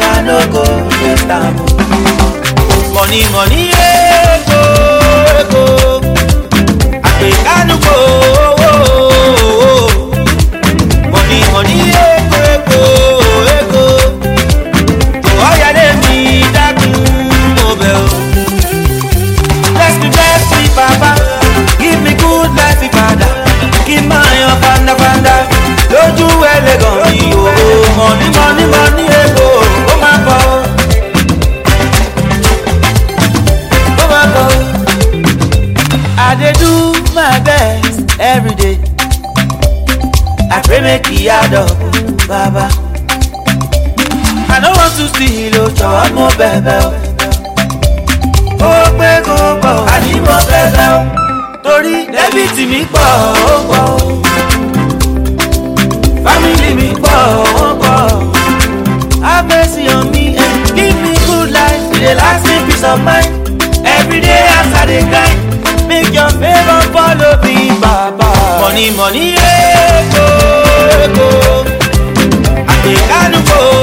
I no go get am. Money money ego ego I àgbékánu kò go. Money money ego ego ego kò ọ̀yàdé mi dákun mo bẹ̀ Bless me bless me papa give me good life ìpadà kí n máa yan panda, lójú ẹlẹ́gàn mi o. Money money money. the adult, I don't want to steal your job, mo bẹ̀bẹ̀ o. Oh, ó pé kó pọ̀, a ní mo bẹ̀bẹ̀ o. Torí dẹ́bìtì mi pọ̀, ó pọ̀ o. Fámìlì mi pọ̀, ó pọ̀ o. Have mercy on me and eh, give me good life. With a lasting peace of mind. Every day as I dey grind make your favor follow me baba. money money eko eko àgbẹ̀kánu kò.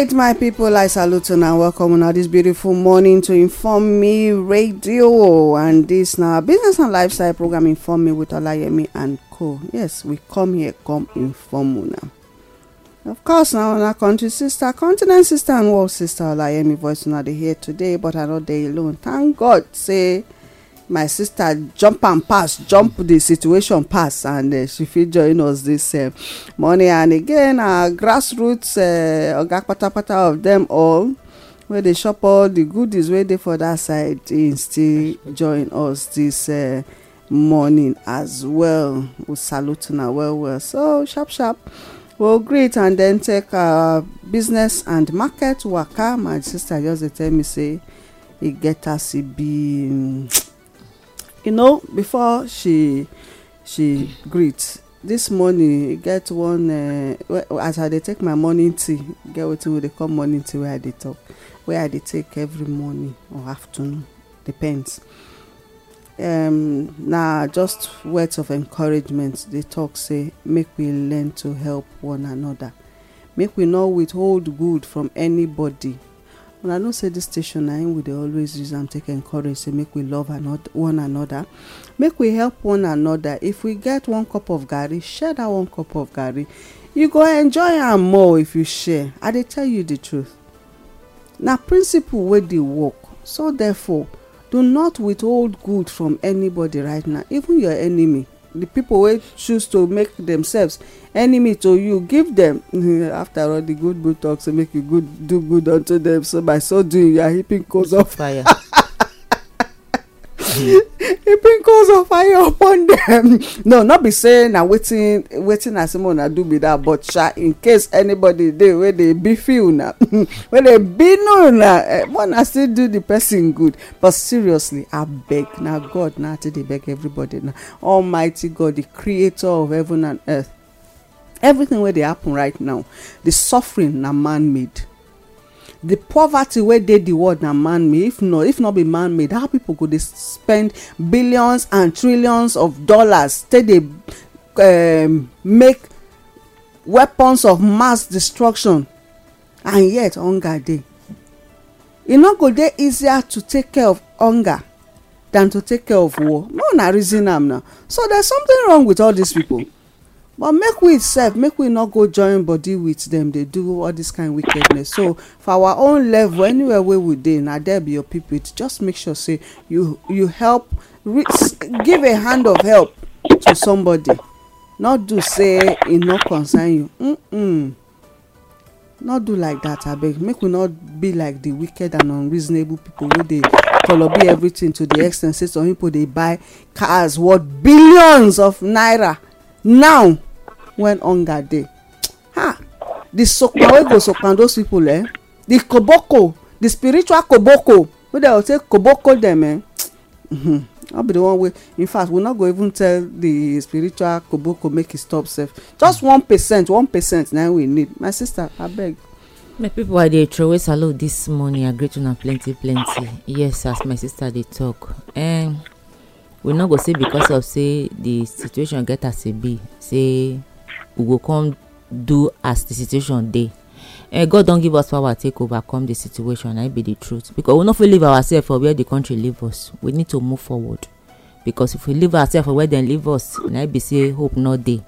right my people i salute una and welcome una this beautiful morning to inform me radio and this na business and lifestyle program inform me with olayemi and co yes we come here come inform una of course na una country sister continent sister and world sister olayemi voice una dey hear today but i no dey alone thank god say my sister jump and pass jump the situation pass and uh, she fit join us this uh, morning and again our uh, grassroots uh, oga patapata of them all wey dey shop all the goodies wey dey for that side im still join us this uh, morning as well we salute una well well so sharp sharp we'll greet and then take our business and market waka my sister just dey tell me say e get as e be. Um, you know before she she greet this morning e get one uh, as i dey take my morning tea get wetin we dey call morning tea wey i dey talk wey i dey take every morning or afternoon depends um, na just words of encouragement dey talk say make we learn to help one another make we no withhold good from anybody I know say this station I im we dey always use am take encourage say make we love one another make we help one another if we get one cup of gari, share that one cup of gari. you go enjoy and more if you share i tell you the truth Now, principle where they work so therefore do not withhold good from anybody right now even your enemy the people wey choose to make themselves enemy to you give them after all the good book talk say make you good do good unto them so by so doing you are heaping coals of fire coals of fire upon them. no not be say na as someone. asimona do be that but sha in case anybody dey wey dey beefy una wey dey binu una una eh, still do the person good but seriously I beg na god na to dey beg everybody na almighty god the creator of heaven and earth everything wey dey happen right now the suffering na man made the poverty wey dey the world na man made if not if not be man made how people go dey spend billions and trillions of dollars take dey um, make weapons of mass destruction and yet hunger dey e no go dey easier to take care of hunger than to take care of war no na reason am na so there's something wrong with all these people but make we sef make we no go join body with dem dey do all dis kind wickedness so for our own level anywhere wey we dey na there be your people just make sure say you you help give a hand of help to somebody not do say e no concern you mm mm not do like dat abeg make we not be like the wicked and unreasonable people. wey dey tolobi everything to di extent say some people dey buy cars worth billions of naira now when hunger dey ha the sokpa wey go sokpa those people eh the koboko the spiritual koboko wey dem go take koboko dem eh no mm-hmm. be the one wey in fact we no go even tell the spiritual koboko make e stop sef just one percent one percent na we need my sister abeg. my people i dey throway salute this morning i greet una plenty plenty yes as my sister dey talk um, we no go say because of say the situation get as e be say we go come do as the situation dey uh, god don give us power take overcome the situation na be the truth because we no fit leave ourselves for where the country leave us we need to move forward because if we leave ourselves for where dem leave us na be say hope no dey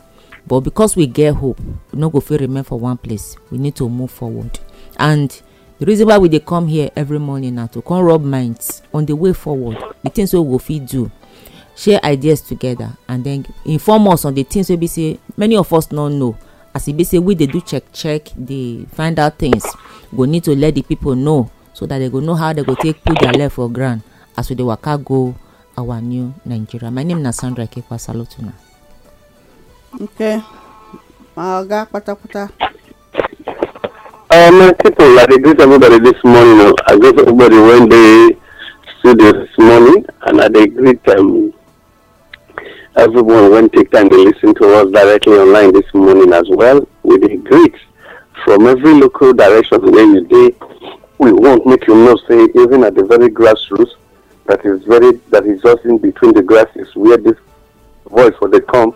but because we get hope we no go fit remain for one place we need to move forward and the reason why we dey come here every morning na to come rub minds on the way forward the things wey we go fit do share ideas together and then inform us on the things wey be say many of us no know as e be say we dey do check check dey find out things go need to let the people know so that they go know how they go take put their leg for ground as we dey waka go our new nigeria my name na sandra kekwa salotuna. okay my oga patapata. Uh, my people, I greet everybody this morning. I greet everybody when they see this morning, and I greet them. Um, everyone went take time to listen to us directly online this morning as well. We did great from every local direction where you did. We won't make you know say even at the very grassroots that is very that is just in between the grasses where this voice for the come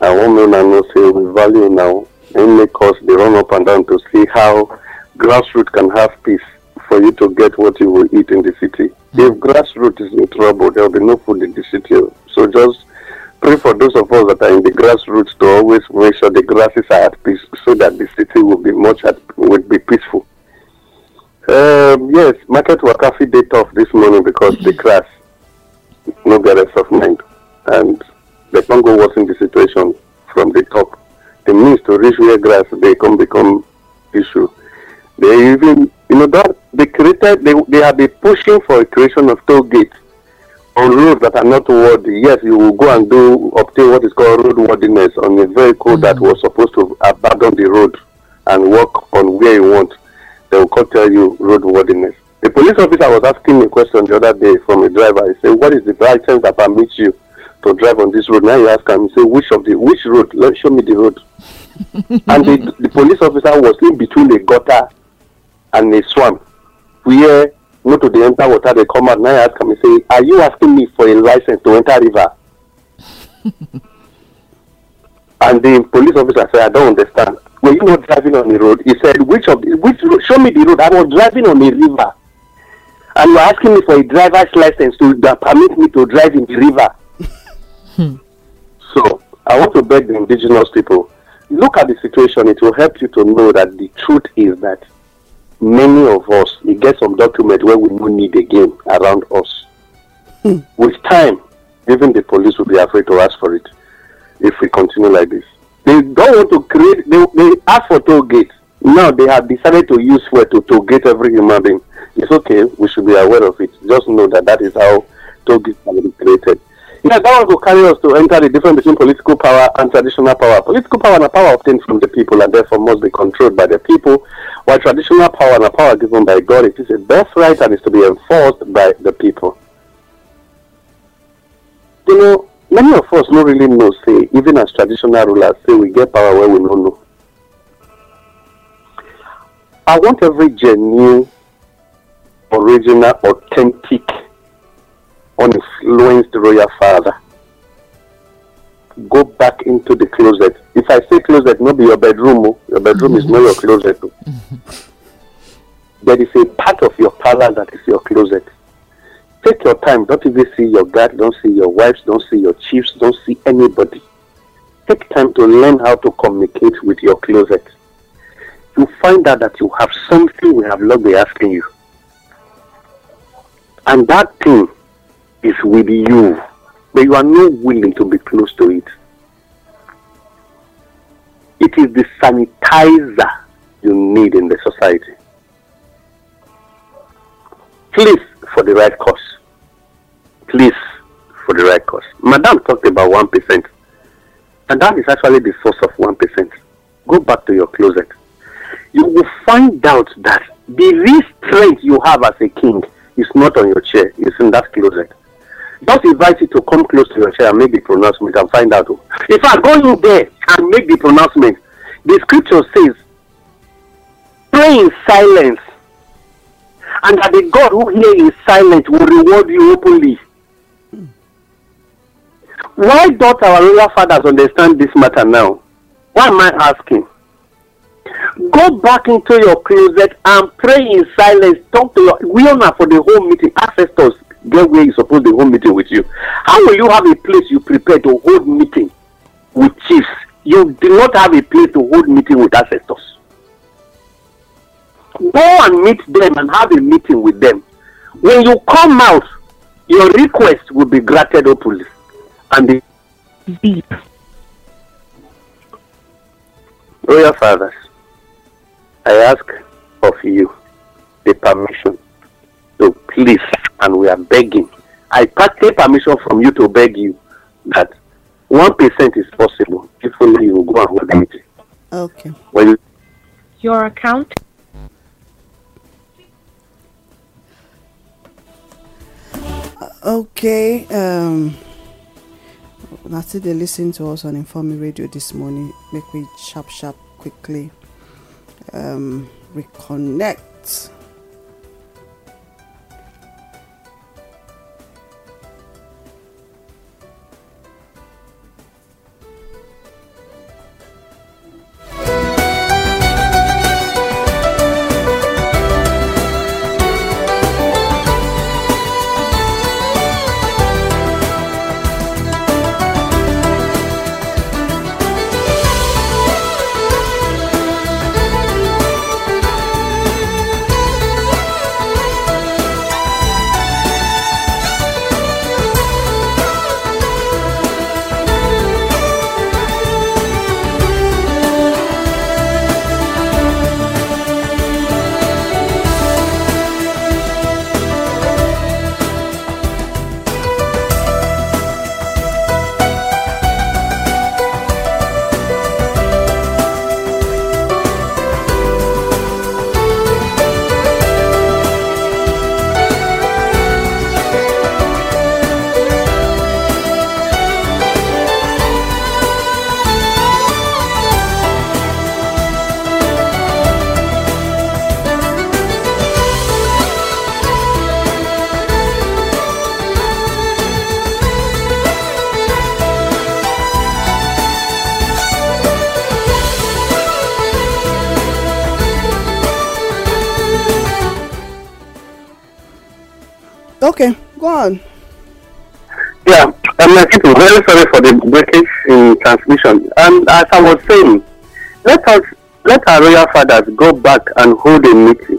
I one man and no say we value now and make us they run up and down to see how grassroots can have peace for you to get what you will eat in the city. If hmm. grassroots is in trouble, there will be no food in the city. So just pray for those of us that are in the grassroots to always make sure the grasses are at peace so that the city will be much at, will be peaceful. Um, yes, market were coffee day off this morning because the crash, no garage of mind. And the Congo was in the situation from the top. The means to reach where grass, they come become issue. They even, you know, that they created, they, they have been pushing for a creation of toll gates on roads that are not worthy, yes, you will go and do obtain what is called road roadworthiness on a vehicle mm-hmm. that mm. was supposed to abandon the road and walk on where you want. They will come tell you roadworthiness. The police officer was asking me a question the other day from a driver. He said, "What is the license that permits you to drive on this road?" Now you ask him, "Say which of the which road? Let show me the road." and the, the police officer was in between a gutter and a swamp, where to dey enter water dey come out na i ask am say are you asking me for a license to enter river and the police officer say i don understand were you not driving on the road he said which of the which road show me the road i was driving on a river and you are asking me for a driver's license to that permit me to drive in the river so i want to beg the indigenous people look at the situation it will help you to know that the truth is that many of us we get some document wey we no need again around us mm. with time even the police will be afraid to ask for it if we continue like this they don't want to create they they ask for toll gate now they have decided to use fuel to toll gate every human being it's okay we should be aware of it just know that that is how toll gate can be created Yeah, that carry us to enter the difference between political power and traditional power. Political power and a power obtained from the people and therefore must be controlled by the people, while traditional power and a power given by God, it is a birthright and is to be enforced by the people. You know, many of us don't really know, say, even as traditional rulers, say we get power where we don't know. I want every genuine, original, authentic uninfluenced royal father go back into the closet if i say closet not be your bedroom oh. your bedroom mm -hmm. is not your closet oh. there is a part of your palace that is your closet take your time don't even see your guard don't see your wives don't see your chiefs don't see anybody take time to learn how to communicate with your closet you find out that you have something we have not been asking you and that thing is with you, but you are not willing to be close to it. It is the sanitizer you need in the society. Please, for the right cause. Please, for the right cause. Madam talked about 1%, and that is actually the source of 1%. Go back to your closet. You will find out that the real strength you have as a king is not on your chair, it's in that closet. Just invite it to come close to your chair and make the pronouncement and find out. If I go in there and make the pronouncement. The scripture says, pray in silence, and that the God who hears in silence will reward you openly. Why don't our royal fathers understand this matter now? Why am I asking? Go back into your closet and pray in silence. Talk to your we are for the whole meeting. Ancestors, get where you suppose to hold meeting with you. How will you have a place you prepare to hold meeting with chiefs? You do not have a place to hold meeting with ancestors. Go and meet them and have a meeting with them. When you come out, your request will be granted openly and the deep. Royal fathers, I ask of you the permission to please and we are begging. I partly permission from you to beg you that one percent is possible if only you go and hold it. Okay. Well, your account. Uh, okay. Um. it. they listen to us on Informe Radio this morning. Make we sharp, sharp, quickly um, reconnect. Okay, go on. Yeah, um, am people, very sorry for the breakage in transmission. And as I was saying, let us let our royal fathers go back and hold a meeting,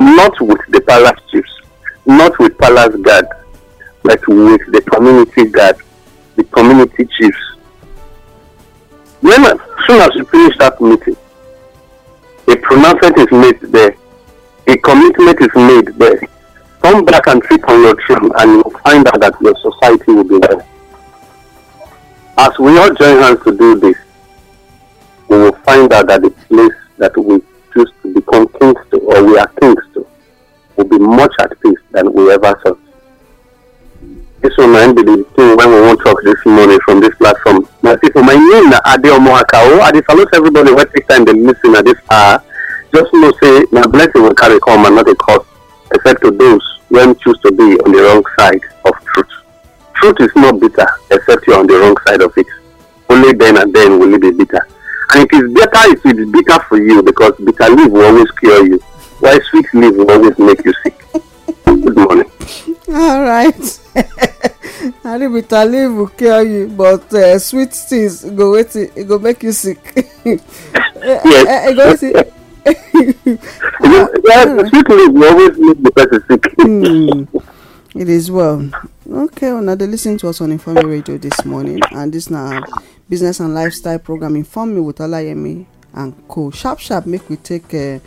not with the palace chiefs, not with palace guard, but with the community guard, the community chiefs. Then, as soon as we finish that meeting, a pronouncement is made there, a commitment is made there. Come back and sit on your throne and you'll find out that your society will be well. As we all join hands to do this, we will find out that the place that we choose to become kings to or we are kings to will be much at peace than we ever thought. This will not be the thing when we won't talk this morning from this platform. My people, my name is Adeomo Akao. I salute everybody who every time they listen at this hour. Just know say, my blessing will carry come and not a cost except to those when choose to be on the wrong side of truth. Truth is not bitter except you're on the wrong side of it. Only then and then will it be bitter. And it is better if it is bitter for you because bitter leaf will always cure you, while sweet leaf will always make you sick. Good morning. All right. And think bitter leaf will cure you, but uh, sweet things go wait, it go make you sick. yes. Uh, uh, yeah, hmm. sick leave you always make the person sick. mm. It is well. Okay, well, now they listen to us on Informe Radio this morning, and this now business and lifestyle program Inform Me with Alayemi and Co. Sharp, sharp, make we take. Uh,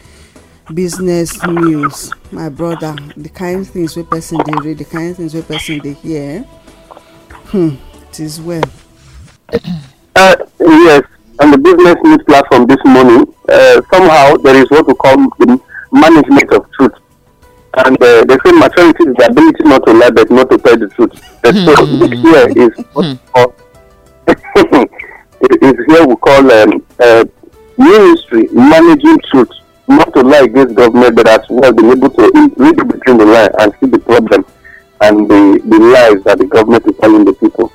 business news my brother the kind things we person they read the kind things we person they hear hmm, it is well. Uh, yes on the business news platform this morning Uh, somehow there is what we call the management of truth. And uh, they say maturity is the ability not to lie but not to tell the truth. The So hmm. this here is hmm. what call, it is here we call um, uh, ministry managing truth, not to lie against government, but as well being able to read between the line and see the problem and the, the lies that the government is telling the people.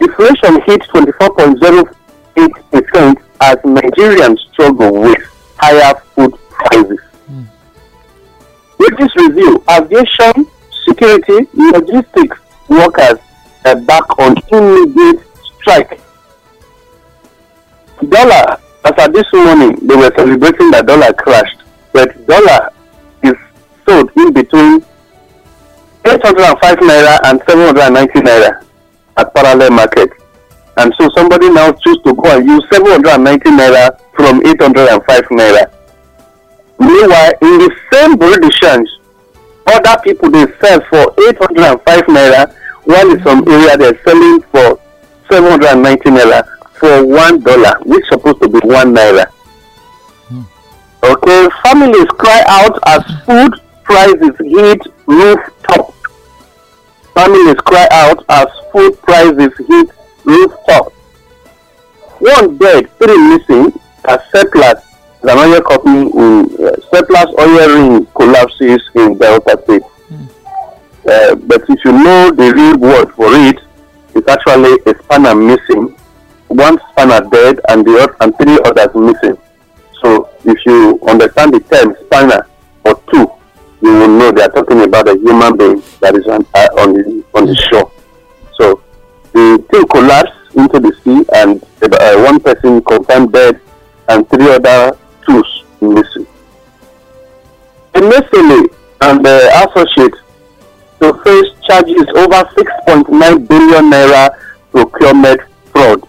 Inflation hit 24.08 percent as Nigerians struggle with higher food prices. Mm. With this review, aviation, security, logistics workers are uh, back on immediate strike. Dollar, as at this morning, they were celebrating that dollar crashed, but dollar is sold in between eight hundred and five naira and seven hundred and ninety naira at parallel market. And so somebody now choose to go and use 790 naira from 805 naira. Meanwhile, in the same conditions, other people they sell for 805 naira, one is from area they're selling for 790 naira for one dollar, which is supposed to be one naira. Hmm. Okay, families cry out as food prices hit rooftop. Families cry out as food prices hit rooftop. One dead, three missing as the Zamaya company in uh, surplus oil ring collapses in Delta State. Mm. Uh, but if you know the real word for it, it's actually a spanner missing. One spanner dead and the other, and three others missing. So if you understand the term spanner or two, you will know they are talking about a human being that is on, uh, on, the, on the shore. So They still collapsed into the sea, and uh, one person confirmed dead, and three other tools missing. Emefiele and the associates to face charges over 6.9 billion naira procurement fraud.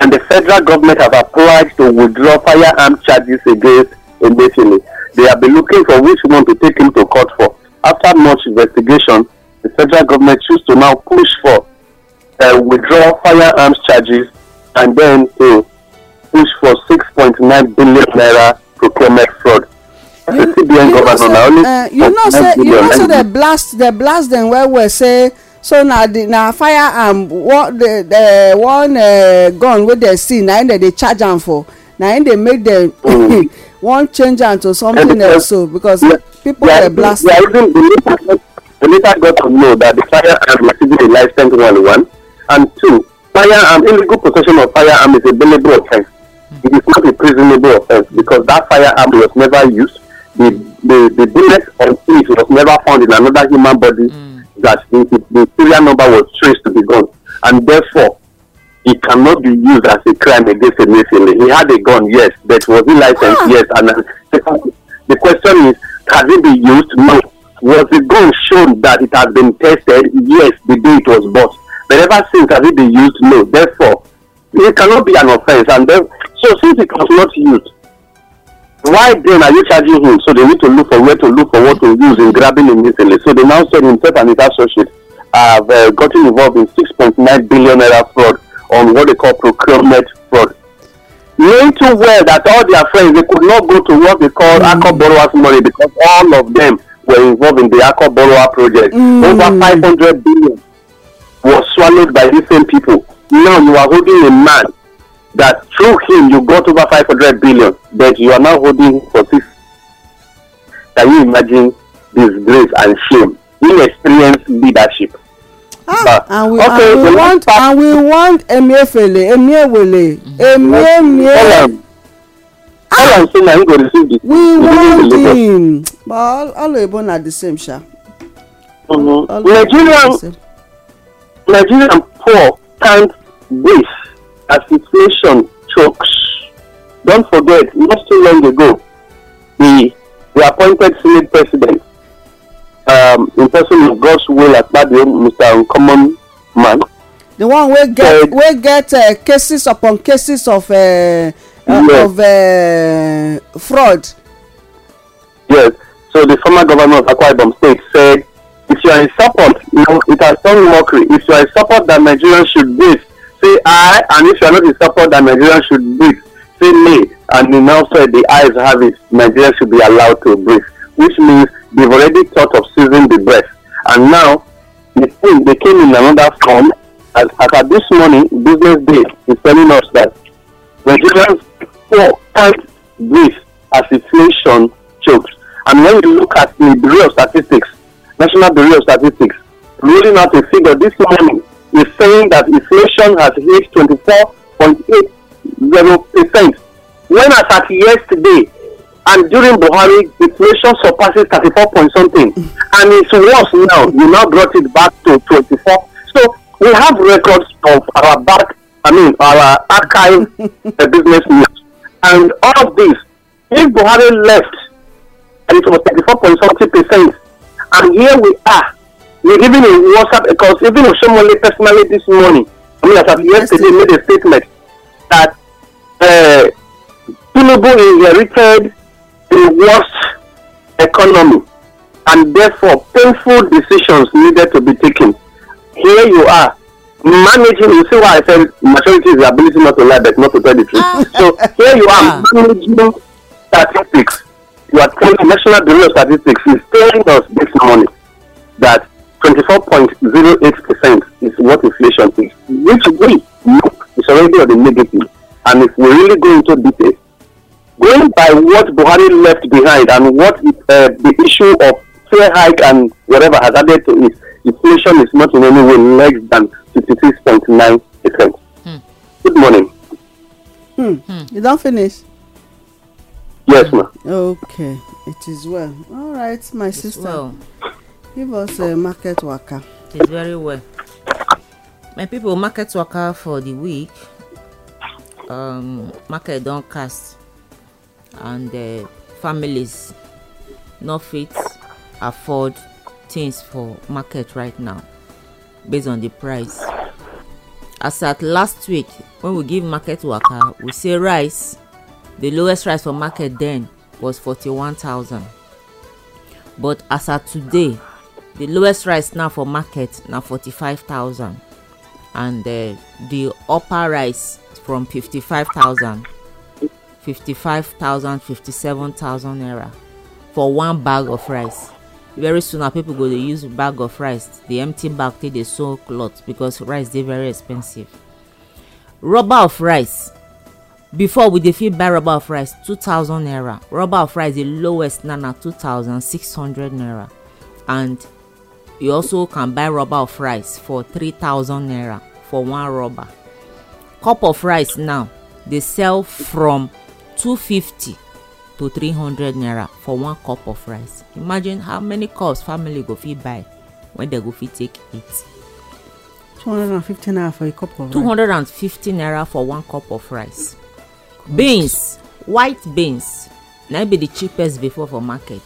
And the federal government have applied to withdraw firearm charges against Emefiele. They have been looking for which one to take him to court for. After much investigation, the federal government chose to now push for uh, withdraw firearms charges and then to uh, push for 6.9 billion naira procurement fraud. You, you, know, say, uh, you know say you know say they blast they blast dem where we say so now the now firearm what the the one uh, gun wey dem see Now im dem charge am for now im dey make dem mm. wan change am to something because, else so because yeah, people yeah, dey blast even the leader got to know that the firearm is even a licensed one one And two, firearm, illegal possession of firearm is a billable offense. It is not a prisonable offence because that firearm was never used. The, the, the bullet or piece was never found in another human body mm. that the, the serial number was traced to the gun. And therefore, it cannot be used as a crime against a nation. He had a gun, yes, but was he licensed? Ah. Yes. And uh, the question is, has it been used? No. Was the gun shown that it has been tested? Yes, the day it was bought. Ever since has it been used no therefore it cannot be an offence. and then so since it was not used why then are you charging him so they need to look for where to look for what to use in grabbing him easily so they now said himself and his associates have uh, gotten involved in six point nine billion naira fraud on what they call procurement fraud knowing too well that all their friends they could not go to what they call mm. ACO borrowers money because all of them were involved in the ACO borrower project mm. over hundred billion was swallowed by these same people. Now you are holding a man that through him you got over 500 billion, but you are now holding for six. Can you imagine this grace and shame? Inexperienced leadership. Ah, and we, okay, and we want part, and we want Emefiele Emewele Ememie. all am say na him go receive the. we want him but all oyinbo na the same sha. Mm -hmm. nigerian Nigerian poor can't breathe as inflation chokes. Don't forget, not too long ago, the, the appointed Senate President, um, in person of God's will at Badio, Mr. Uncommon Man. The one we get uh, wey get uh, cases upon cases of uh, uh, yes. of uh, fraud. Yes, so the former governor of Akwa Ibom State said if you are in support you know, it has turned mockery if you are in support that nigerians should breathe say i and if you are not in support that nigerians should breathe say me. and you now say the eyes have it nigerians should be allowed to breathe which means they've already thought of seizing the breath and now the thing they came in another form as as at this morning business day is telling us that nigerians poor can't breathe as inflation chokes and when you look at the real statistics National Bureau of Statistics, rolling out a figure this morning, is saying that inflation has hit 24.80%. When I sat yesterday and during Buhari, inflation surpasses 34 point something, and it's worse now. You now brought it back to 24. So we have records of our back, I mean, our archive uh, business news, and all of this. If Buhari left, and it was 34 point something percent And here we are. We're giving a WhatsApp because even if someone personally this morning, I mean, as of yesterday, made a statement that uh, inherited the worst economy and therefore painful decisions needed to be taken. Here you are managing you see why i said maturity is the ability not to lie but not to tell the truth ah. so here you are ah. managing statistics you are telling the National Bureau of Statistics is telling us this morning that 24.08% is what inflation is, which we know is already on the negative. And if we really go into detail, going by what Buhari left behind and what uh, the issue of fare hike and whatever has added to it, inflation is not in any way less than 56.9%. Hmm. Good morning. Hmm. Hmm. You don't finish. Yes, ma'am. Okay, it is well. All right, my it's sister. Well. Give us a market worker. It is very well. My people, market worker for the week. Um, market don't cast and uh, families not fit afford things for market right now based on the price. As at last week, when we give market worker, we say rice the lowest price for market then was forty-one thousand but as at today the lowest price now for market na forty-five thousand and uh, the upper rise from fifty-five thousand fifty-five thousand fifty-seven thousand naira for one bag of rice very soon our people go dey use bag of rice the empty bag take dey sew cloth because rice dey very expensive rubber of rice before we dey fit buy rubber of rice two thousand naira rubber of rice the lowest now na two thousand six hundred naira and you also can buy rubber of rice for three thousand naira for one rubber cup of rice now dey sell from two fifty to three hundred naira for one cup of rice imagine how many cups family go fit buy when they go fit take eat. two hundred and fifty naira for a cup of rice. two hundred and fifty naira for one cup of rice beans white beans na be the cheapest before for market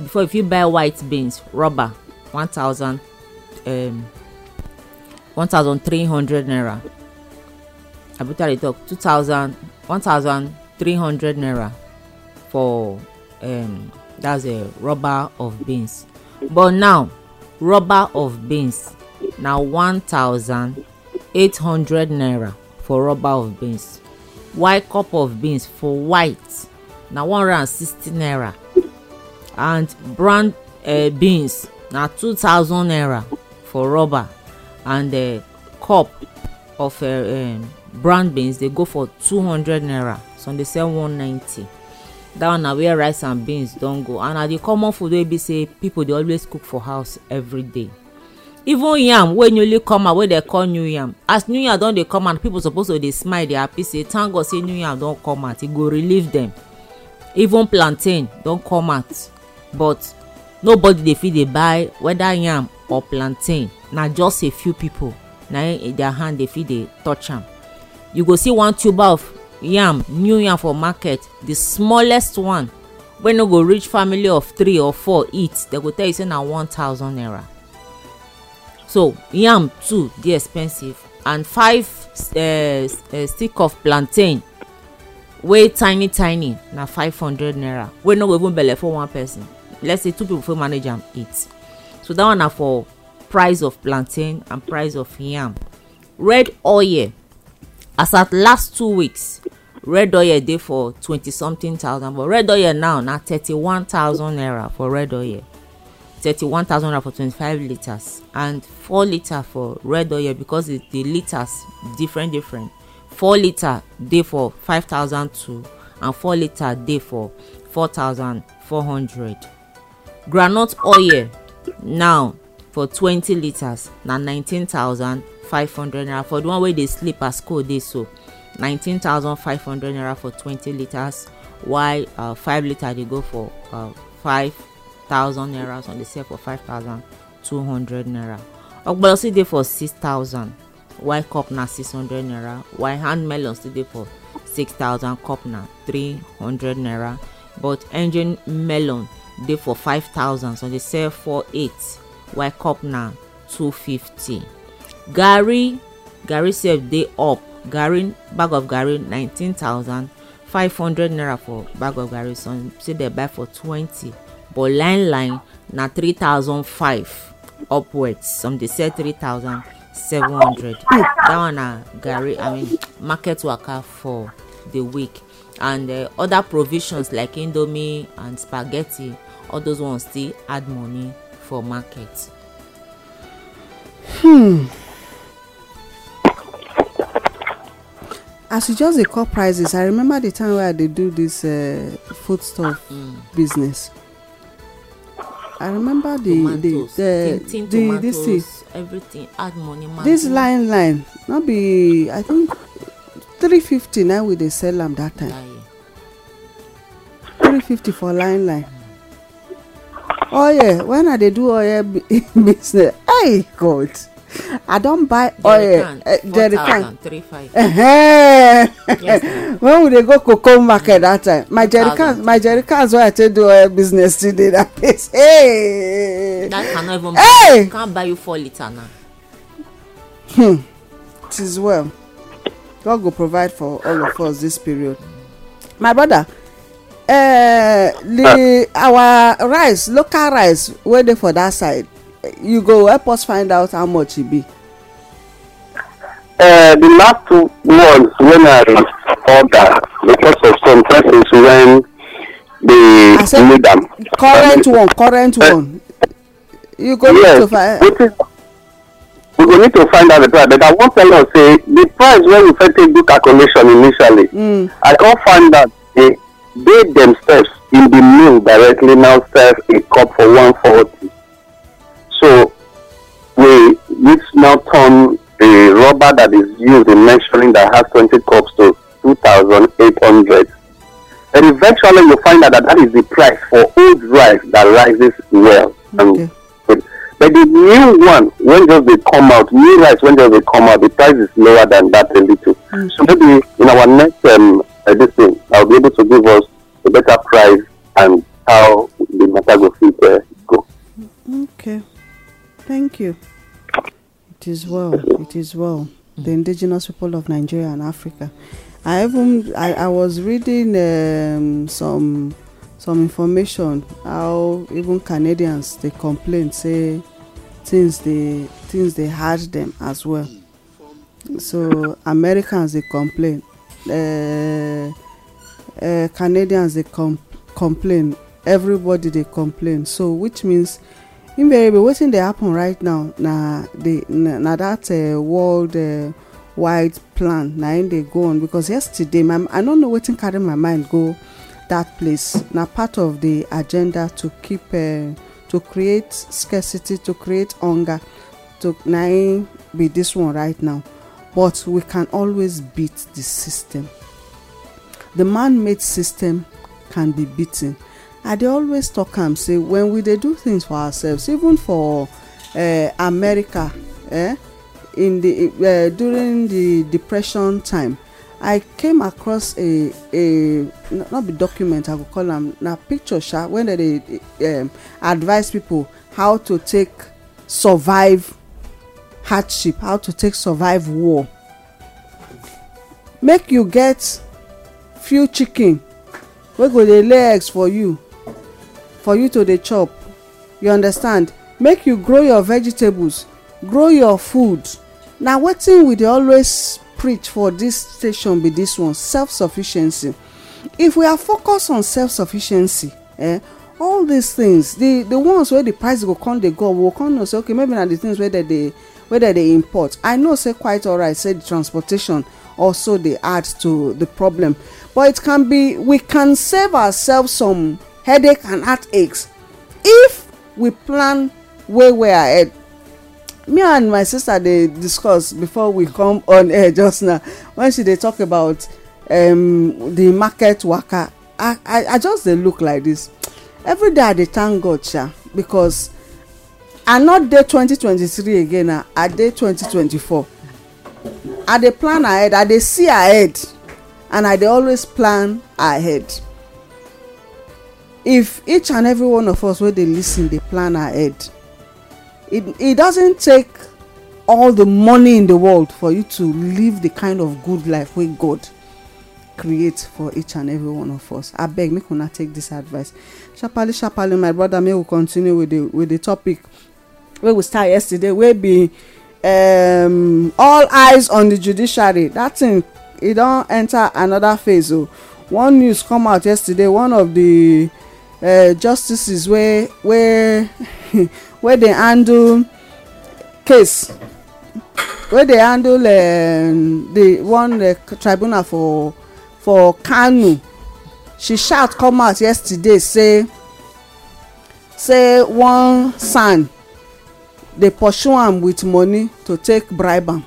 before if you buy white beans rubber one thousand um, one thousand three hundred naira abuta dey talk two thousand one thousand three hundred naira for um, that's a rubber of beans but now rubber of beans na one thousand eight hundred naira for rubber of beans while cup of beans for white na one hundred and sixty naira and brown uh, eh, beans na two thousand naira for rubber and uh, cup of uh, um, brown beans dey go for two hundred naira some dey sell one ninety that one na where rice and beans don go and na the common food wey be say people dey always cook for house every day even yam wey newly come out wey dem call new yam as new yam don dey come out people suppose to dey smile dey happy say thank god say new yam don come out e go relieve dem even plantain don come out but nobody dey fit dey buy whether yam or plantain na just a few people na in their hand dey fit dey touch am you go see one tuber of yam new yam for market the smallest one wey no go reach family of three or four eat dem go tell you say na one thousand naira so yam too dey expensive and five uh, uh, stick of plantain wey tiny tiny na five hundred naira wey no go even belle for one person let's say two people fit manage am eat so that one na for price of plantain and price of yam red oil as at last two weeks red oil dey for twenty something thousand but red oil now na thirty-one thousand naira for red oil thirty-one thousand naira for twenty-five litres and four litre for red oil because the, the litres different different four litre dey for five thousand two and four litre dey for four thousand four hundred groundnut oil now for twenty litres na nineteen thousand five hundred naira for the one wey dey sleep as cold dey so nineteen thousand five hundred naira for twenty litres while uh, five litre dey go for uh, five thousand naira some dey sell for five thousand two hundred naira ogbono still dey for six thousand while cup na six hundred naira while hand melon still dey for six thousand cup na three hundred naira but engine melon dey for five thousand So dey sell for eight while cup na two fifty garri garri sef dey up garri bag of garri nineteen thousand five hundred naira for bag of garri some say dem buy for twenty but line line na five upwards some dey sell hundred. that one na garri i mean market waka for the week and uh, other provisions like indomie and spaghetti all those ones still add money for market. Hmm. as you just dey call prices i remember the time wey i dey do this uh, foodstuff mm. business I remember the tomatoes, the the, tin, tin, the tomatoes, this is everything add money man. This line line no be I think three fifty na we dey sell them that time three fifty for line line oh, yeah. when are they do oil oh, yeah, business hey God i don buy oil eh, jerry can when we dey go cocoa market mm. that time my jerry can my jerry cans wey i take do oil business still dey that place hey that cannot not even hey! buy can buy you four litre now hmm It is well god go provide for all of us this period my brother uh, the our rice local rice wey dey for that side you go help us find out how much e be. Uh, the last two ones when I order because of some persons when they said, need them. Current um, one, current uh, one. You go yes, need to find. We go need to find out the price, but I wan tell you say eh, the price when we first take do calculation initially, mm. I can't find that say they themselves in the mill directly now serve a cup for one forty. So we need now turn the rubber that is used in measuring that has 20 cups to 2,800. And eventually you find out that that is the price for old rice that rises well. Okay. And, but, but the new one, when does they come out, new rice, when does they come out, the price is lower than that a little. Okay. Mm. So maybe in our next um, edition, I'll be able to give us a better price and how the matter will fit there. Uh, go. Okay. Thank you. It is well. It is well. The indigenous people of Nigeria and Africa. I even I, I was reading um, some some information how even Canadians they complain say things they things they hurt them as well. So Americans they complain. Uh, uh, Canadians they com- complain. Everybody they complain. So which means invariably wetin dey happen right now na na that uh, world uh, wide plan na im dey go on because yesterday i no know wetin carry my mind go that place na part of the agenda to keep uh, to create scarcity to create hunger to na im be this one right now but we can always beat the system the man made system can be beaten i dey always talk am say when we dey do things for ourselves even for uh, america eh, in the uh, during the depression time i came across a a not be document i go call am na picture sha when they dey um, advise people how to take survive hardship how to take survive war make you get few chicken wey go dey lay eggs for you for you to dey chop you understand make you grow your vegetables grow your food na wetin we dey always preach for this station be this one self sufficiency if we are focused on self sufficiency eh all these things the the ones wey the price go come dey go we go come know say okay maybe na the things wey dem dey wey dem dey import i know say quite alright say the transportation also dey add to the problem but it can be we can save ourselves some headache and heartaches if we plan way way ahead me and my sister dey discuss before we come on air just now when she dey talk about um, the market waka i i, I just dey look like this every day i dey thank god sha because i no dey 2023 again na ah. i dey 2024 i dey plan ahead i dey see ahead and i dey always plan ahead if each and every one of us wey dey lis ten dey plan ahead it it doesn't take all the money in the world for you to live the kind of good life wey god create for each and every one of us abeg make una take this advice sharparly sharparly my brother may we continue with the with the topic wey we start yesterday wey be um, all eyes on the judiciary that thing e don enter another phase o oh. one news come out yesterday one of the uh, justices wey wey wey dey handle case wey dey handle um, the one uh, tribunal for for kano she shout come out yesterday say say one son dey pursue am with money to take bribe am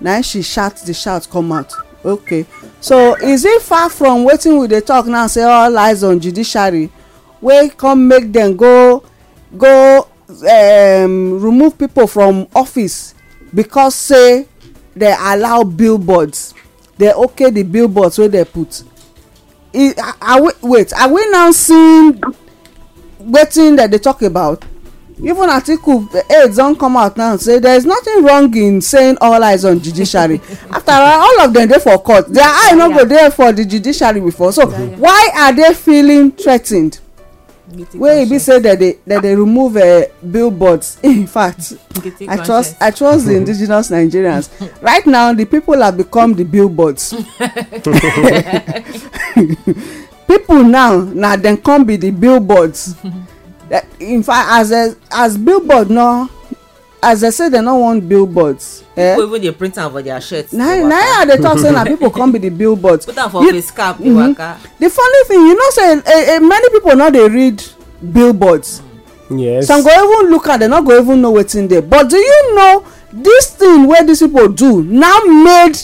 na she shout the shout come out okay so is it far from wetin we dey talk now say all eyes on judiciary wey come make dem go go um, remove people from office because say they allow billboards they okay the billboards wey they put e are we wait are we now seeing wetin dem dey talk about even article eight eh, don come out now say there is nothing wrong in saying all eyes on judiciary after all of them, dey for court their eye no go dey for the judiciary before so why are they feeling threatened wey e be say dem dey remove eh, billboards in fact i trust i trust the indigenous nigerians right now the people have become the billboards people now na dem come be the billboards Eh, in fact as a, as billboard no as I say they no want billboards. Eh? even dey print am for their shirt. na na i dey talk say na people come be the billboards. put am for you, face cap mm -hmm. the funny thing you know say uh, uh, many people no dey read billboards. yes some go even look at dem no go even know wetin dey but do you know this thing wey these people do now made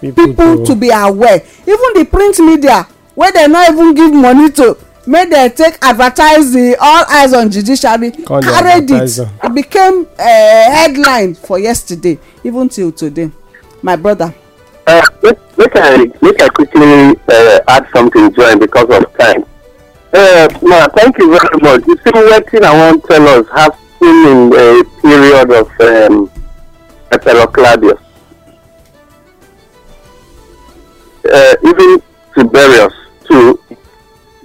people, people to be aware even the print media wey dem no even give money to make dem take advertise the all eyes on judiciary Call carried it it became uh, headline for yesterday even till today my brother. Uh, make, make I make I quickly uh, add something join because of time. Uh, ma thank you very much. You see wetin I wan tell us happen in a period of um, Claudius. Uh, even Tiberius too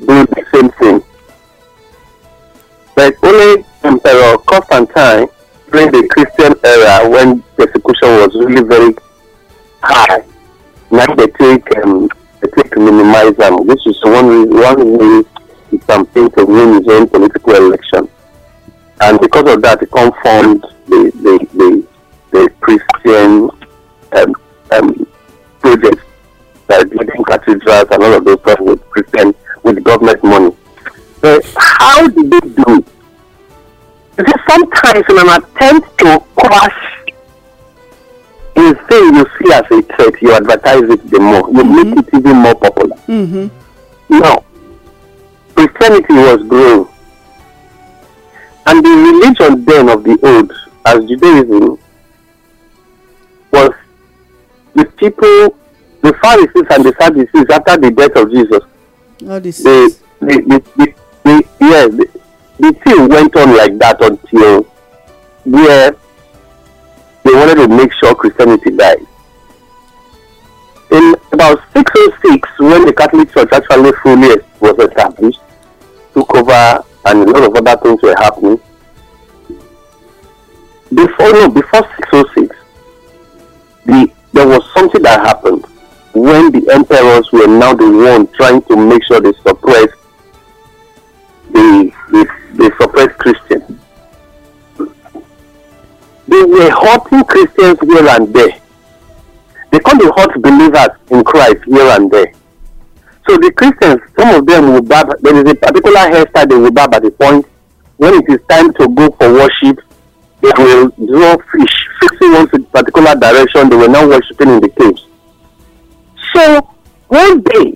do the same thing. But only Emperor um, Constantine, during the Christian era, when persecution was really very high, now they take, um, they take to minimize them. This is one, one way he campaigned to win his own political election. And because of that, he confirmed the, the, the, the Christian um, um, projects, like building cathedrals and all of those stuff with Christian with government money. how did they do it? Because sometimes in an attempt to crush. a thing you see as a threat, you advertise it the more. You mm-hmm. make it even more popular. Mm-hmm. Now, Christianity was growing. And the religion then of the old, as Judaism, was the people, the Pharisees and the Sadducees after the death of Jesus, The the the the they, yeah, they, the thing went on like that until where they wanted to make sure Christianity died. In about 606, when the Catholic Church actually fully was established, took over, and a lot of other things were happening. Before no, before 606, the, there was something that happened. when the emperors were now the one trying to make sure they suppress the they, the suppress Christians. They were hurting Christians here and there. They can't be hurt believers in Christ here and there. So the Christians, some of them will barb, there is a particular hairstyle they will barb at the point when it is time to go for worship, they will draw fish, fixing one particular direction they were now worshipping in the caves. So one day,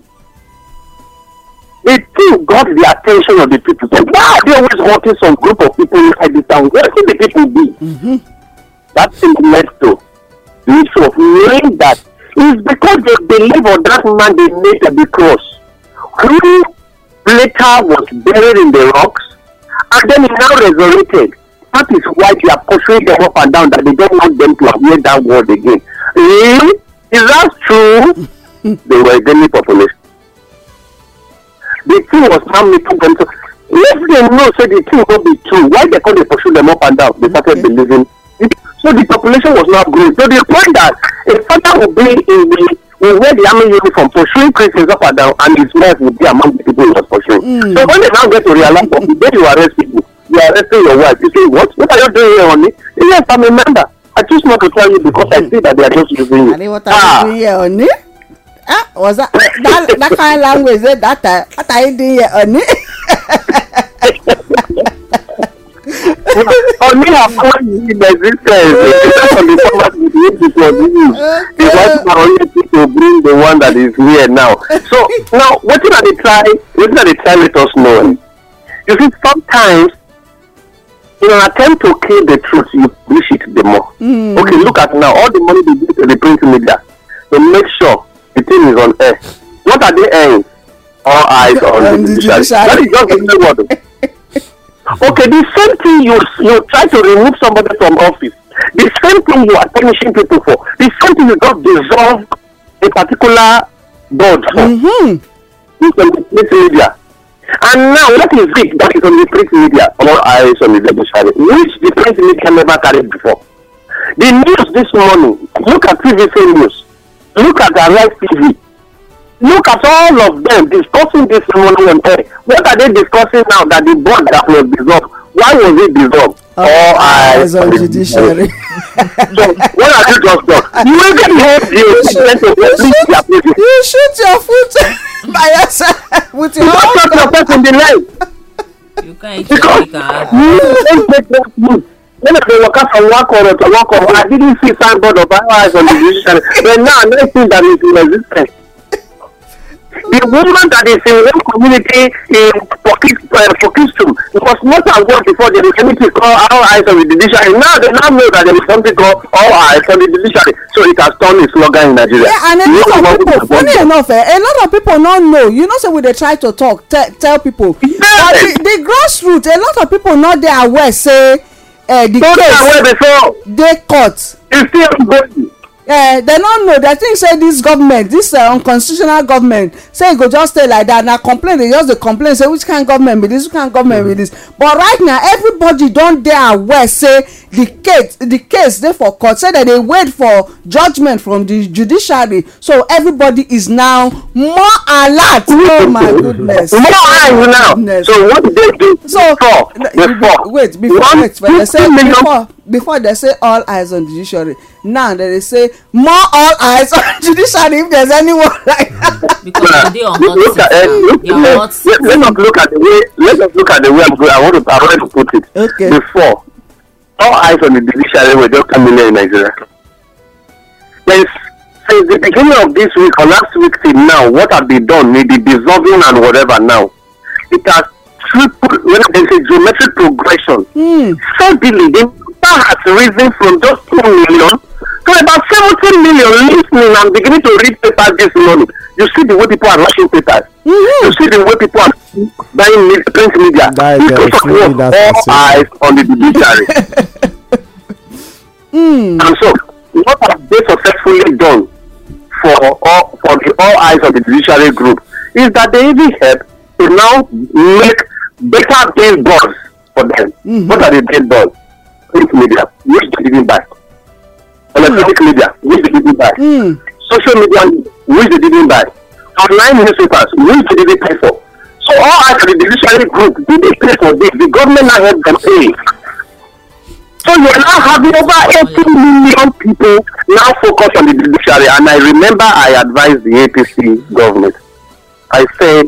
it too got the attention of the people. So why are they always wanting some group of people inside the town? Where should the people be? Mm-hmm. That thing led to the issue of knowing that it's because they believe on that man they made at the cross, who later was buried in the rocks, and then is now resurrected. That is why they are pushing them up and down, that they don't want them to hear that word again. Really? Is that true? they were a daily population. The thing was now making them to. If they know, say the thing will be true, why they come they pursue them up and down? They started okay. believing. So the population was not growing. So the point that a father will be in the will wear the army uniform pursuing Christians up and down, and his wife will be among the people he was pursuing. Mm. So when they now get to realize that the you arrest people, you are arresting your wife. You say, What? What are you doing here, honey? Yes, I'm a member. I choose not to tell you because mm. I hmm. see that they are just using you. Ah ah was that that, that kind of language eh, that time uh, that time didn't hear oni. oni have come in existence because of the format we dey use for the news because na only people bring the one that is here now so now wetin i dey try wetin i dey try let us know you see sometimes in an attempt to kill the truth, you push it the more. Mm. Okay, look at now all the money they give to the print media to make sure the thing is on air. What are they airing? All eyes on, the judiciary. That is just the word. Okay, the same thing you you try to remove somebody from office. The same thing you are punishing people for. The same thing you just dissolve a particular board for. Mm-hmm. This is the media. And now what is it that is on the print media? All eyes on the judiciary, which the print media never carried before. The news this morning, look at TVC news look at live TV. Look at all of them discussing this money on air. What are they discussing now that the board that was dissolved? Why was it dissolved? Oh, I. Eyes on judiciary. so what are you just done? You even have you president to complete You shoot your foot by yourself with your. You don't shot yourself in the leg. You can't shoot your can't make when I waka from one corner to one corner, I didn't see signboard of Biohazard on the dictionary. But now I know thing that is in existence. The woman that is in one community in Pokistum, uh, because most of them before there is anything called our Eyes on the Judiciary. Now they now know that there is something called our Eyes on the Judiciary. So it has turned a slogan in Nigeria. Yeah, and a lot of people, funny enough, eh, a lot of people not know. You know, say so we they try to talk, te tell people. Yes. But the, the grassroots, a lot of people not there aware, say uh, the case dey court. e still ongoing uh, they no know dem think say this government this uh, unconstitutional government say e go just stay like that. na complain they just dey complain say which kind government be this, which kind government be mm-hmm. this. but right now everybody don dey aware say the case the case dey for court say dem dey wait for judgement from the judiciary so everybody is now more alert oh my goodness more eyes now goodness. so what dey do so before before wait before wait for dem say before before they say all eyes on judiciary now they dey say more all eyes on judiciary if there's anyone like that. because today on hot seat they are hot seat. let us look at the way let us look at the way i'm i want to i want to put it. okay before all eyes on the judiciary were just coming in nigeria. since since the beginning of this week or last week till now what have been done with be dissolving and whatever now it has triple when they say geometric progression. Mm. steadily the number has risen from just two million So about 17 million listening and beginning to read papers this morning. You see the way people are rushing papers. Mm-hmm. You see the way people are buying print media. because of what? All eyes on the judiciary. mm. And so, what have they successfully done for all, for the all eyes of the judiciary group is that they even help to now make better deal balls for them. Mm-hmm. What are the deal balls? Print media, which they didn't back electronic media which they didn't buy mm. social media which they didn't buy online newspapers which they didn't pay for so all actually the judiciary group did they pay for this the government now help them pay so you are now having over eighty million people now focus on the judiciary and i remember i advised the apc government i said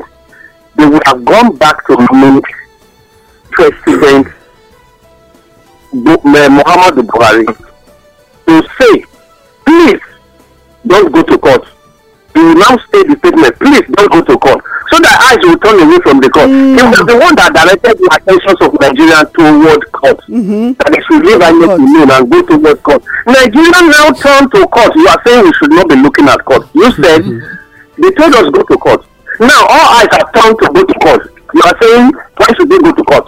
they would have gone back to nominate president Muhammadu Buhari to say, please don't go to court. He now state the statement, please don't go to court. So that eyes will turn away from the court. Mm. It was the one that directed the attentions of Nigerians toward court. Mm-hmm. That is should leave INEC alone and go towards court. Nigerians now turn to court. You are saying we should not be looking at court. You mm-hmm. said mm-hmm. they told us go to court. Now all eyes are turned to go to court. You are saying why should they go to court?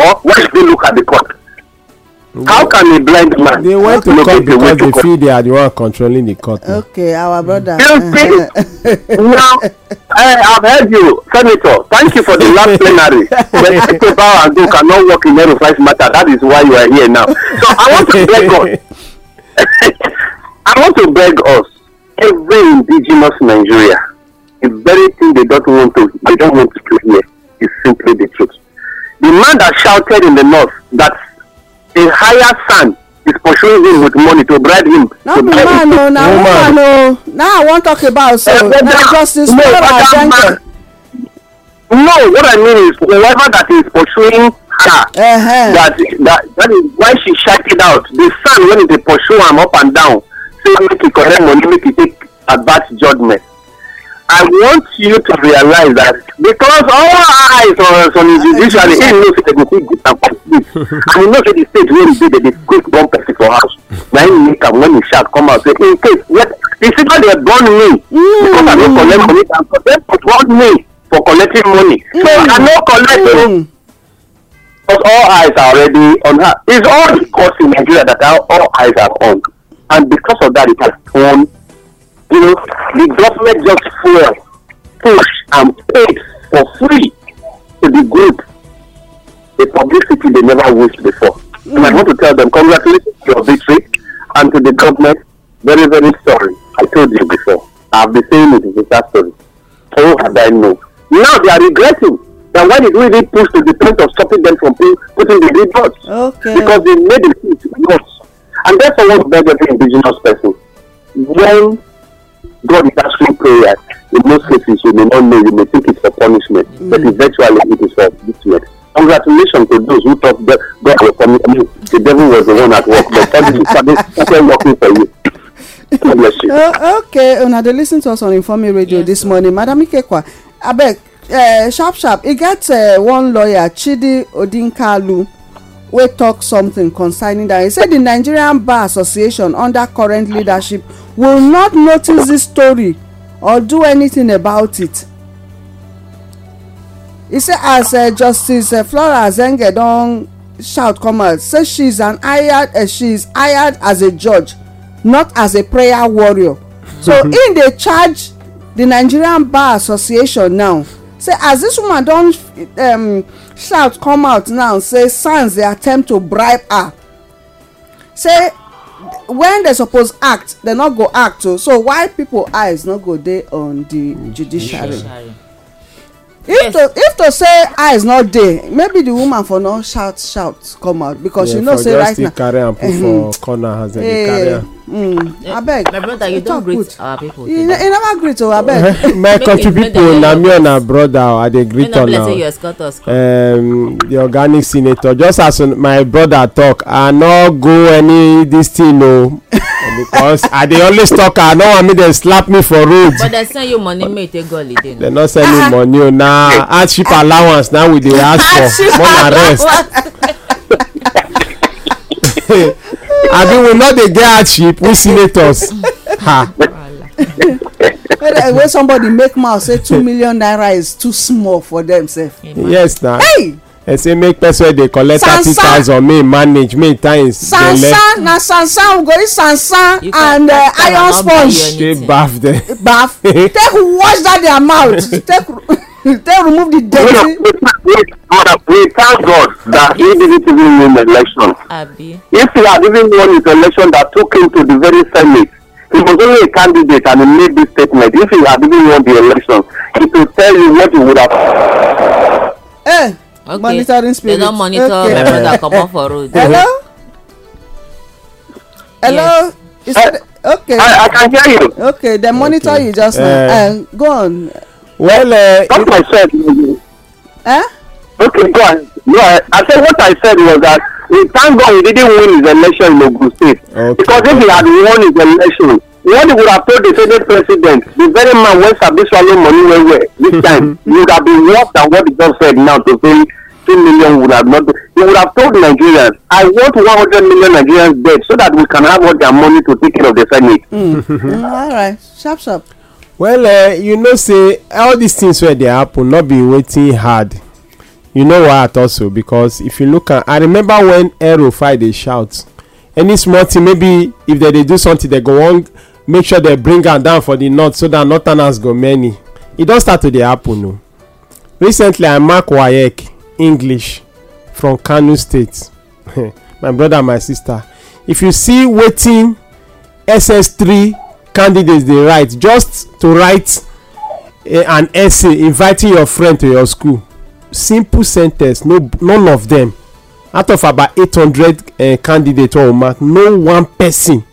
Or why should they look at the court? How can a blind man? They went to court because they feel they are the one controlling the court. Okay, our brother. You see, now eh, I have heard you, Senator. Thank you for the last plenary. But people power and go cannot work in Erufai's matter. That is why you are here now. So I want to beg us. I want to beg us, every indigenous Nigeria, the very thing they don't want to, they don't want to hear is simply the truth. The man that shouted in the north that a higher son is pursuing him with money to bribe him. na woman oh, no na woman no. Oh. now i wan talk about so uh, na justice no, flora no what i mean is whoever that is pursuing her. Uh -huh. that, that that is why she it out the son when he dey pursue am up and down say make he correct money make he take advance judgement. I want you to realize that because all our eyes on us on individually, he knows that the good and complete. and he knows that the state where he did the quick bomb person for us. When he make am, when he shout, come out, say, in case, let, the figure they have born me, because I no mm. collect money, and for them to want me for collecting money. Mm. So I no collect mm. Because all eyes are already on her. It's all because in Nigeria that all eyes are on. And because of that, it has torn you know, the government just fuel, push, and paid for free to the group The publicity they never wished before. Mm. And I want to tell them, congratulations to your victory, and to the government, very, very sorry. I told you before. I've been saying it is a disaster. So had I know. Now they are regretting. Now, why did we really push to the point of stopping them from putting the billboards? Okay. Because they made it worse. And therefore, I want to beg every indigenous person. When God is answering prayers. In most mm-hmm. cases, you may not know, you may think it's for punishment, mm. but eventually mm-hmm. it is for upliftment. Congratulations to those who thought that God was coming. I mean, the devil was the one at work, but suddenly started working for you. God bless you. Uh, okay, una dey lis ten to us on Informe Radio yes. this morning. Madam Ikekwa, abeg uh, eh, sharp sharp, He get uh, one lawyer Chidi Odinkalu. wey talk something concerning that he say the nigerian bar association under current leadership will not notice this story or do anything about it. e say as uh, justice uh, flora azenge don shout come out say she is an hired uh, she is hired as a judge not as a prayer warrior so im mm-hmm. dey charge the nigerian bar association now say as this woman don um, shout come out now say sans dey attempt to bribe her say when they suppose act they no go act o so why people eyes no go dey on the judiciary if to if to say eyes no dey maybe the woman for no shout shout come out because she know say right now yeah for just still carry am put for corner as dem dey carry am Hmm, eh, abeg you talk good you never greet o abeg. my country pipo na me and my broda i dey greet una um, the organic senator just as my broda talk i no go any dis thing o oh. because i dey always talk i no wan make dem slap me for road. but dem send you money make you take go holiday. dem no send me money o oh, na hardship allowance na we dey ask for more na rest abi we no dey get hardship we senators ha. when somebody make mouth say two million naira is too small for them sef. yes na. Hey! dem say make person wey dey collect thirty thousand may manage may times sansan na sansan we go eat sansan and uh, iron sponge take baff dem take wash that their mouth take. He then remove the deputy. Wait, wait, wait, thank God that he didn't even win the election. Abi. If he had even won his election that took him to the very Senate, he was only a candidate and he made this statement. If he had even won the election, he could tell you what he would have. Eh. Okay. Monitoring spirit. They don't monitor okay. members that come off for road. Hello? Hello? Yes. Is uh, okay. I, I can hear you. Okay, they monitor okay. you just uh, now. Uh, go on. Well, uh, what I said. Eh? Okay, go on. No, I, said what I said was that we thank God he didn't win his election in Ogun State. Okay. Because if he had won his election, what would have told the Senate president, the very man wey sabi swallow money well well this time, mm-hmm. he would have been worse than what he just said now to say two million would have not been. He would have told Nigerians, I want one hundred million Nigerians dead so that we can have all their money to take care of the Senate. Mm. mm, all right, sharp, sharp well uh, you know say all these things wey dey happen no be wetin hard you know why at also because if you look at i remember when fight dey shout any small thing maybe if dem dey do something dem go wan make sure dem bring am down for the north so dat northerners go many e don start to dey happen o recently i mark wayek english from kano state my brother and my sister if you see wetin ss3 candidates dey write just to write eh, an essay inviting your friend to your school simple sen ten ce no none of them out of about eight hundred uh, candidates wey we mark no one person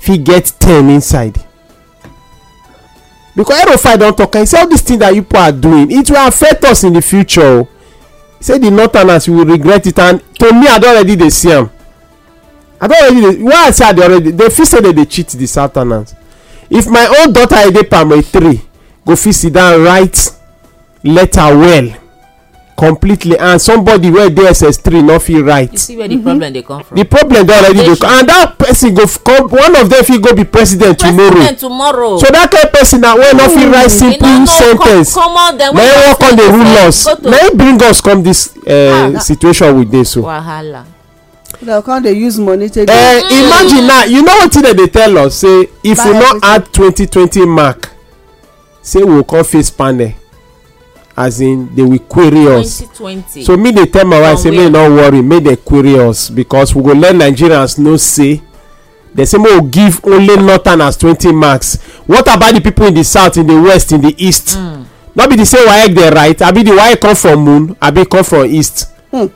fit get ten inside because erofai don talk am he say all these things that you people are doing it will affect us in the future o oh. he say the northerners will regret it and to me i don already dey see am i don already dey why i say i dey already dey feel say dem dey cheat the southerners if my own daughter i dey primary three go fit sit down write letter well completely and somebody wey dey ss3 no fit write you see where the mm-hmm. problem dey come from the problem don already dey come and that person go come one of them fit go be president tomorrow so that kind of person na wey no fit write simple sentence na e wan on the eh? rule us na e bring us come this eh, ah, situation we dey so. wahala dem come dey use money take dey. Uh, imagine now you know wetin dem dey tell us say if we no add twenty twenty mark say we go come face panel as in they will query us so me dey tell my wife say make you no worry make they query us because we go let nigerians know say dem say make we give only northern as twenty marks what about the people in the south in the west in the east mm. no be the same waec dey right abi the waec come from moon abi come from east. Mm.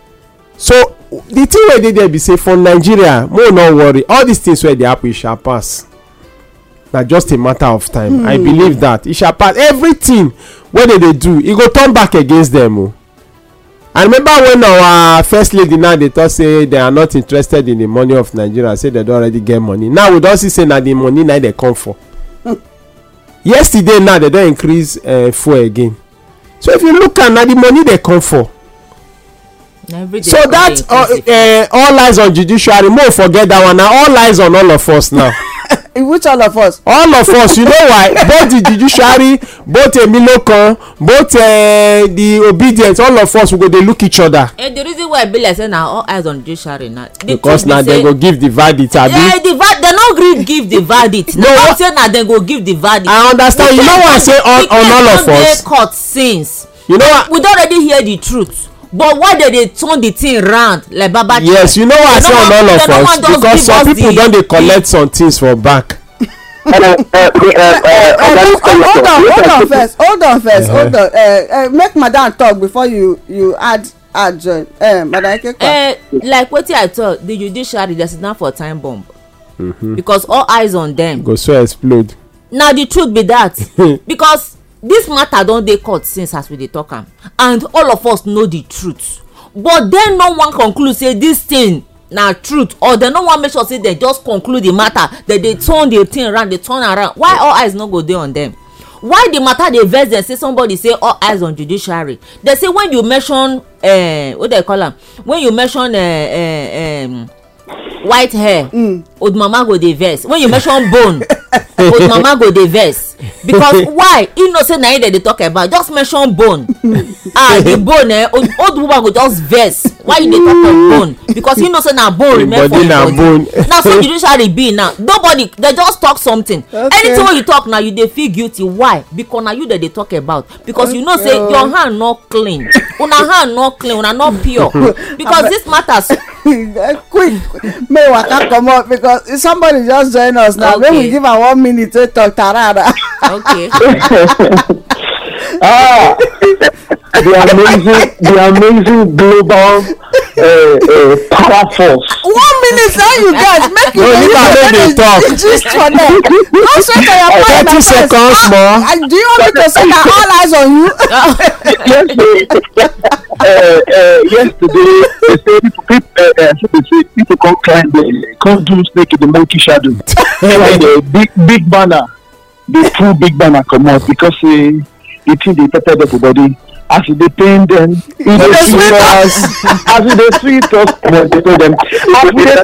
so the thing wey dey there be say for nigeria mo no worry all these things wey dey happen e shall pass na just a matter of time mm. i hmm. believe that e shall pass everything wey dem dey do e go turn back against dem o oh. i remember when our first lady now dey talk say they are not interested in the money of nigeria say they don already get money now we don see say na the money na dey come for yesterday now they don increase uh, fuel again so if you look am na the money dey come for so that uh, uh, all eyes on judiciary mo forget that one na all eyes on all of us now. In which all of us. all of us you know why both the judiciary both emilokan both uh, the obedient all of us we go dey look each other. Eh, the reason why e be like say na all eyes on judiciary na. because na dem go give the verdict abi. Eh, the va dem no gree give the verdict. no talk say na dem go give the verdict. i understand you know why i say on, on all of us. we don't dey court since. you know why. we don already hear the truth but why dey dey turn the thing round like baba chan yes you know why i say on all of us because some people don dey collect some things for bank. hold on hold on first hold on first uh-huh. hold on uh, uh, make madam talk before you you add add join uh, madam ikekwa. Uh, eh, like wetin i talk the judiciary dey sit down for time bomb. Mm -hmm. because all eyes on them. go so explode. na the truth be that because This matter don dey court since as we dey talk am and all of us know the truth but dem no wan conclude say this thing na truth or dem no wan make sure say dem just conclude the matter dem dey turn the thing around dey turn around why all eyes no go dey on dem why the matter dey vex dem say somebody say all eyes on judiciary dem say when you mention uh, what dem call am when you mention uh, uh, um, white hair mm. old mama go dey vex when you mention bone old mama go dey vex because why you know say na him dem dey talk about just mention bone ah the bone eh old woman go just vex why you dey talk about bone because you know say na bone remain for him body bone. na so judiciary be now nobody dey just talk something okay. anything wey you talk now you dey feel guilty why because na you dey dey talk about because okay. you know say your hand no clean una hand no clean una no pure because this matters. quick may waka comot because somebody just join us now okay. make we give am one minute take talk tarara. Okay. ah, the amazing, the amazing global uh, uh, power force. One minute now, you guys make you no, let me talk. Just for them. No sweat on your part. Thirty seconds ah, more. Uh, do you want me to say that all eyes on you? Oh. yesterday, uh, uh, yesterday they say people, people, uh, they say people come climb, the, come do snake in the monkey shadow, like a big, big banner dey pull big banner comot because say eh, the thing dey pepper dem for body as e dey pain dem e dey sweet us as e dey sweet us dem dey pay dem as we dey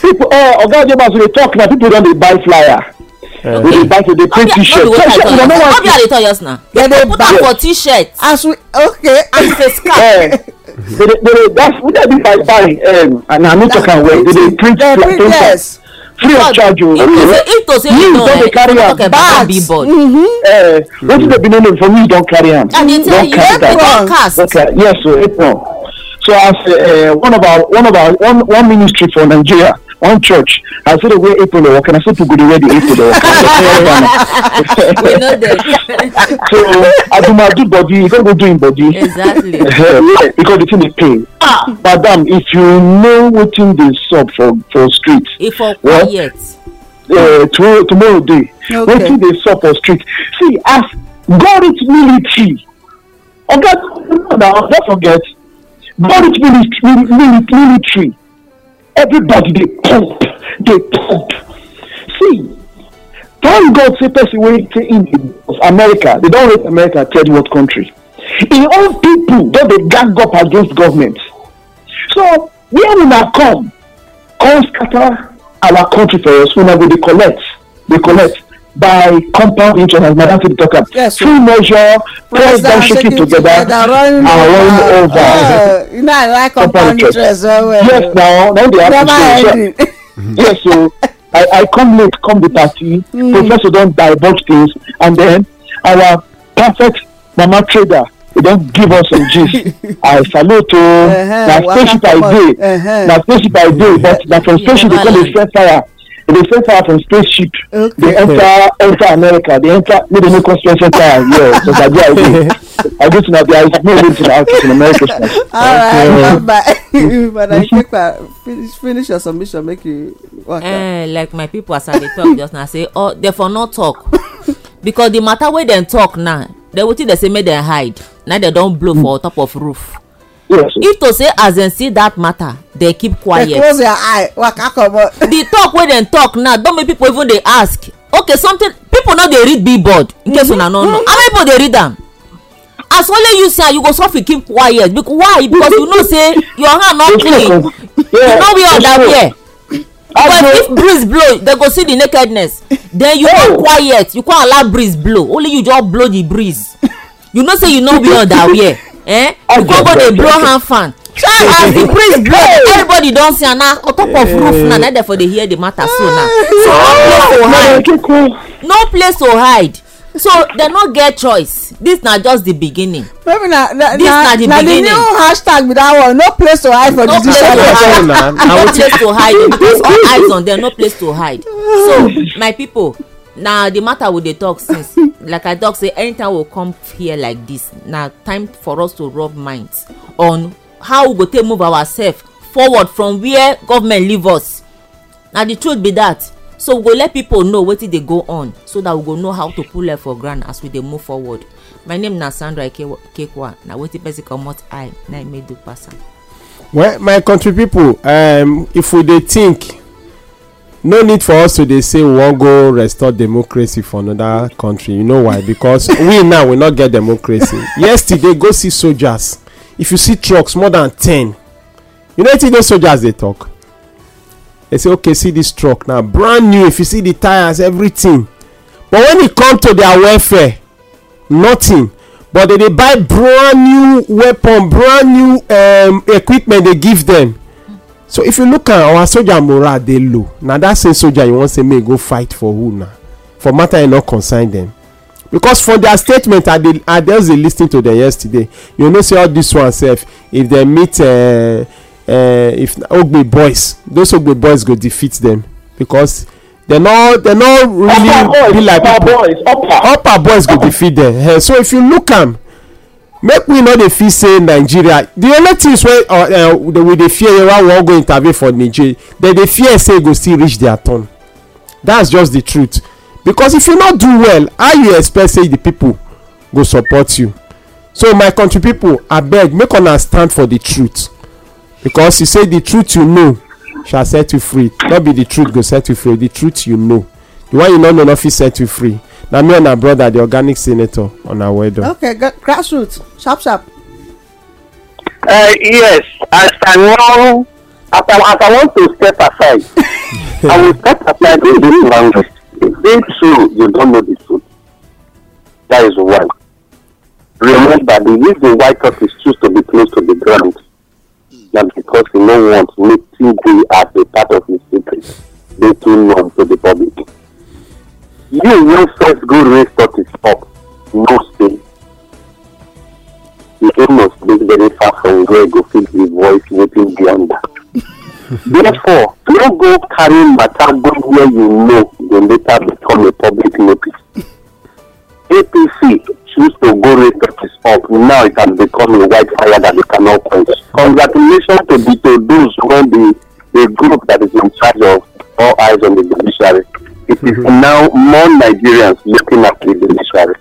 people oh, oga ojeba as we dey talk na people don dey buy flyer we eh. dey buy to dey print t-shirt t-shirt we no wan see now dem dey put for t-shirt as we okay as a scarf. Eh. they dey they dey that's we dey be buy by um, and i no talk am well they dey print print yes free of charge o. if to say you don dey eh, carry am bags wetin dey be name for me you don carry am. i carry that. okay yes o apron so as uh, one of our one of our one one ministry for nigeria on church. I the wear April or can I say to go wear the April or So I do my do body, you gotta go do in body. Exactly. because the thing is pain. Ah, madam, if you know what in the sub for for street. If for well, Uh, eh, tomorrow, tomorrow day. Okay. Waiting the sub for street. See, as God is military. Okay, no, don't forget. God is military. military everybody dey pump dey pump see thank god say person wey say im america they don rate america third world country im e own pipo don dey gang up against government so where una come come scatter our country for us una go dey collect dey collect by compound interest as madam fit talk am yes, free measure press down shake it together and run over uh, you know i like compound interest well well eh? yes na na dey happen so yes so i i come late come the party mm. professor don divulge things and then our perfect mama trader e don give us some gist i salute o uh-huh, na spaceship i dey na spaceship i dey but na from spaceship dey come dey set fire they send her from spaceship okay. they enter enter america they enter no they no construction time yeah so na there i go i go to na there is no wait to i out in america all right bye but i check my finish finish your submission make you work Uh, like my people as i dey talk just now say oh they for no talk because the matter wey dem talk now dem wetin dey say make dem hide na dem don blow mm. for hmm. top of roof. Yes, if to say as dem see that matter dem keep quiet. dem close your eye waka comot. the talk wey dem talk now don make people even dey ask okay something people no dey read billboard in case una no know mm-hmm. how many people dey read am as only you see am you go suffer keep quiet because why because you know say your hand no clean yeah, you no wear underwear but if breeze blow dem go see the nakedness then you oh. go quiet you come allow breeze blow only you just blow the breeze you know say you no wear underwear eh you come go dey blow hand fan try as the priest gree everybody don see am na on top of roof na na dey for dey hear the matter so na so no place to hide no place to hide so dem no get choice this na just the beginning maybe na na this na, na the na beginning na the new hashtag be that one no place to hide for no this social media no place to hide because all eyes on them no place to hide so my people na the matter we dey talk since like i talk say anytime we come here like this na time for us to rub minds on how we go take move ourselves forward from where government leave us na the truth be that so we go let people know wetin dey go on so that we go know how to pull leg for ground as we dey move forward my name na sandra ikekwa na wetin person comot eye na im make do pass am. well my country people, um, if we dey think no need for us to dey say we wan go restore democracy for another country you know why because we now we no get democracy yesterday go see soldiers if you see trucks more than ten you know wetin those soldiers dey talk they say okay see this truck na brand new if you see the tyres everything but when e come to their welfare nothing but they dey buy brand new weapon brand new um, equipment dey give them so if you look at our soldier morale dey low na that same soldier you wan say make e go fight for who na for matter e no concern them because for their statement i dey i just dey lis ten to them yesterday you know say all this one sef if they meet uh, uh, if ogbe boys those ogbe boys go defeat them because they no they no really upper be like upper boys, upper. upper boys go upper. defeat them uh, so if you look am make we no dey feel say nigeria the only things wey uh, uh, we dey fear yewa we wan go interview for nigeria dem dey fear say e go still reach their turn that's just the truth because if you no do well how you expect say the people go support you so my country people abeg make una stand for the truth because you say the truth you know shall set you free no be the truth go set you free the truth you know the one you no know no fit set you free na me and my brother the organic senator on our way down. okay grassroots sharp sharp. Uh, yes as i know as i as i want to step aside i will step aside in this language If so, you don't know the truth. That is why. Remember, the reason why Turkish choose to be close to the ground na because he no want make TB as a part of the secret dey too known to the public. You no first go raise Turkish up, no say. You almost dey very far from where go fit be voice wetin dey under. Therefore, no go carry matter go where you know they later become a public notice. APC choose to go rate is up. Now it has become a white fire that you cannot quench. Congratulations to, the, to those when the, the group that is in charge of all eyes on the judiciary. It mm-hmm. is now more Nigerians looking at the judiciary.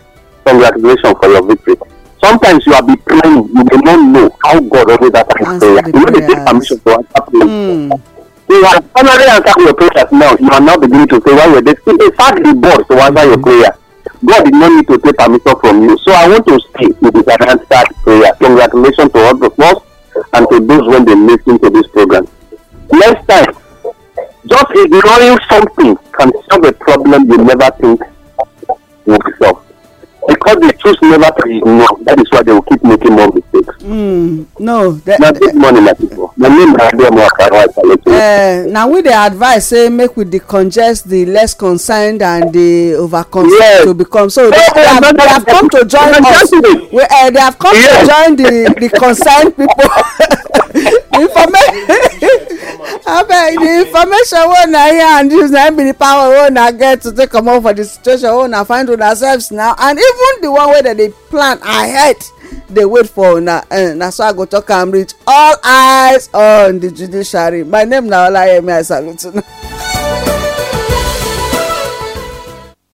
Congratulations for your victory. Sometimes you are be praying, you do not know how God always answers prayer. You know they take permission to answer prayer. Mm. We are finally answering your prayers now you are now beginning to say why you are there in fact the boss to answer your prayer god did not need to take permission from you so i want to stay with this an start prayer congratulations to all the us and to those when they lis ten to this program next time just ignoring something can solve a problem you never think will solve because they choose never to ignore that is why they will keep making more mistakes. Mm, no that, na big money my people My me na dem waka Now with the advice, say make with the congest, the less concerned and the over concerned yes. to become so they, they, have, they have come to join us we, uh, they have come yes. to join the the concerned people. Information. the information wey una hear and use na be the power wey una get to take comot for the situation wey una find una selves now and even the one wey dem dey plan ahead dey wait for una uh, na so i go talk am reach all eyes on the judiciary my name na olayemi i salute una.